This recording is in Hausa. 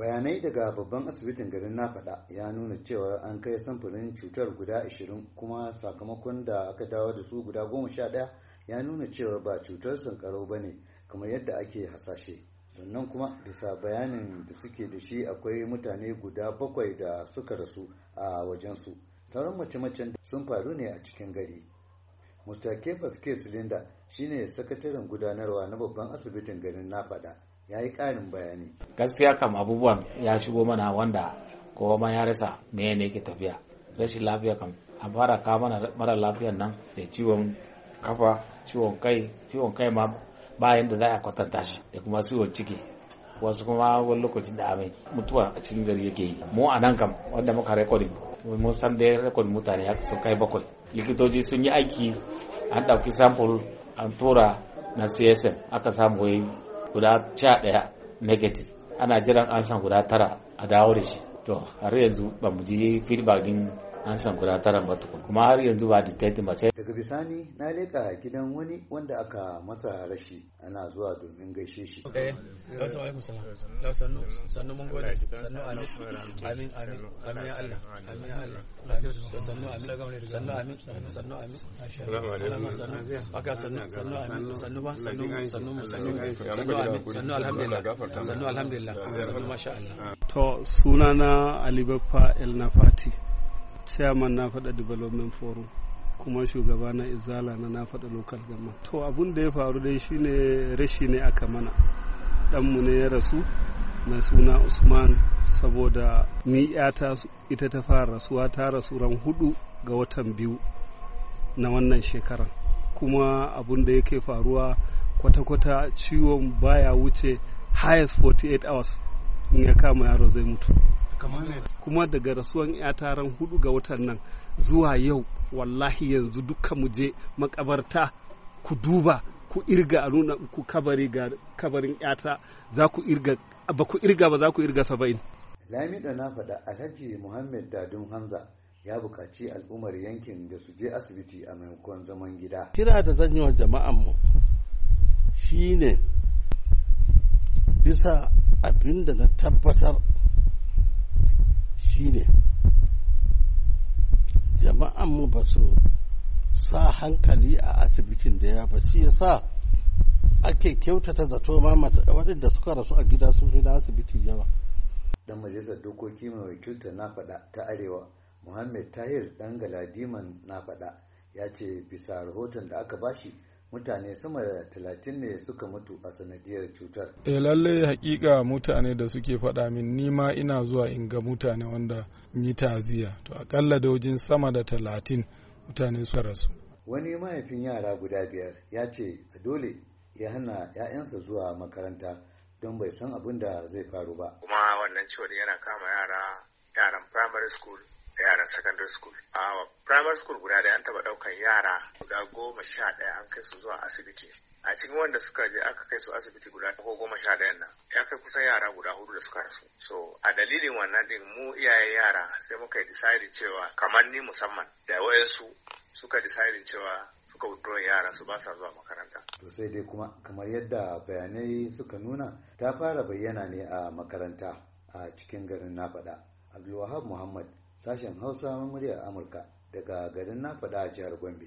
bayanai daga babban asibitin garin na faɗa ya nuna cewa an kai samfurin cutar guda 20 kuma sakamakon da aka dawo da su guda 11 ya nuna cewa ba cutar sankarau ba ne kamar yadda ake hasashe sannan kuma bisa bayanin da suke da shi akwai mutane guda bakwai da suka rasu a wajensu sauran mace-macen sun faru ne a cikin gari mr kefas k silinda shine sakataren gudanarwa na babban asibitin garin na faɗa ya yi ƙarin bayani gaskiya kam abubuwan ya shigo mana wanda kowa ma ya rasa me ne ke tafiya rashin lafiya kam a fara ka mana mara lafiyan nan da ciwon kafa ciwon kai ciwon kai ma ba yadda za a kwatanta shi da kuma ciwon ciki wasu kuma wani lokacin da amai mutuwa a cikin gari yake yi mu a nan kam wanda muka rekodin mun san da rekodin mutane ya sun kai bakwai likitoci sun yi aiki an ɗauki sample an tura na csm aka samu wai guda sha ɗaya negative ana jiran amsan guda tara a dawo da shi to har yanzu ba mu ji feedback din an san guda tara ba tukun kuma har yanzu ba da taiti mace. daga bisani na leka gidan wani wanda aka masa rashi ana zuwa domin gaishe shi Ok, eh assalamu alaikum salam la sannu sannu mun gode sannu amin amin amin ya Allah amin ya Allah sannu amin sannu amin sannu amin assalamu alaikum aka sannu sannu amin sannu ba sannu sannu sannu sannu amin sannu alhamdulillah sannu alhamdulillah sannu masha Allah to sunana Alibaba Baffa El Nafati chairman na faɗa development forum kuma shugaba na izala na na faɗa local government to abun da ya faru dai shine rashi ne aka mana ɗanmu ne ya rasu mai suna usman saboda ni yata ita ta fara rasuwa ta rasu ran hudu ga watan biyu na wannan shekaran kuma abun da yake faruwa kwata-kwata ciwon baya wuce highest 48 hours in ya kama yaro zai mutu kuma daga rasuwan yata ran hudu ga watan nan zuwa yau wallahi yanzu dukkan mu je makabarta ku duba ku irga a nuna ku kabari ga kabarin yata za ku irga ba ku irga ba za ku irga saba'in lami da na faɗa alhaji muhammad dadun hamza ya buƙaci al'ummar yankin da su je asibiti a maimakon zaman gida kira da zan yi wa jama'an mu shine bisa abin da na tabbatar shine jama'an mu ba su sa hankali a asibitin da ya ba shi sa ake kyautata zato ma waɗanda suka rasu a gida sun fi na asibiti yawa dan majalisar dokoki mai wakilta na faɗa ta arewa muhammed tahir dan galadiman na faɗa ya ce bisa rahoton da aka bashi mutane sama da talatin ne suka mutu a sanadiyar cutar. E eh, lalle hakika mutane da suke faɗa min nima ina zuwa in ga mutane wanda yi taziya to akalla da wajen sama da talatin mutane suka rasu. Wani mahaifin yara guda biyar ya ce a dole ya hana 'ya'yansa zuwa makaranta don bai san abin da zai faru ba. Kuma wannan ciwon yana kama yara yaran primary school da yaran secondary school a primary school guda ɗaya an taɓa ɗaukan yara guda goma sha ɗaya an kai su zuwa asibiti a cikin wanda suka je aka kai su asibiti guda ko goma sha ɗayan nan ya kai kusan yara guda hudu da suka rasu so a dalilin wannan ɗin mu iyaye yara sai muka yi decide cewa kamar ni musamman da wayansu suka decide cewa suka withdraw yara su ba sa zuwa makaranta. To sai dai kuma kamar yadda bayanai suka nuna ta fara bayyana ne a makaranta a cikin garin na faɗa. Abdulwahab Muhammad sashen hausa murya amurka daga garin na faɗa a jihar gombe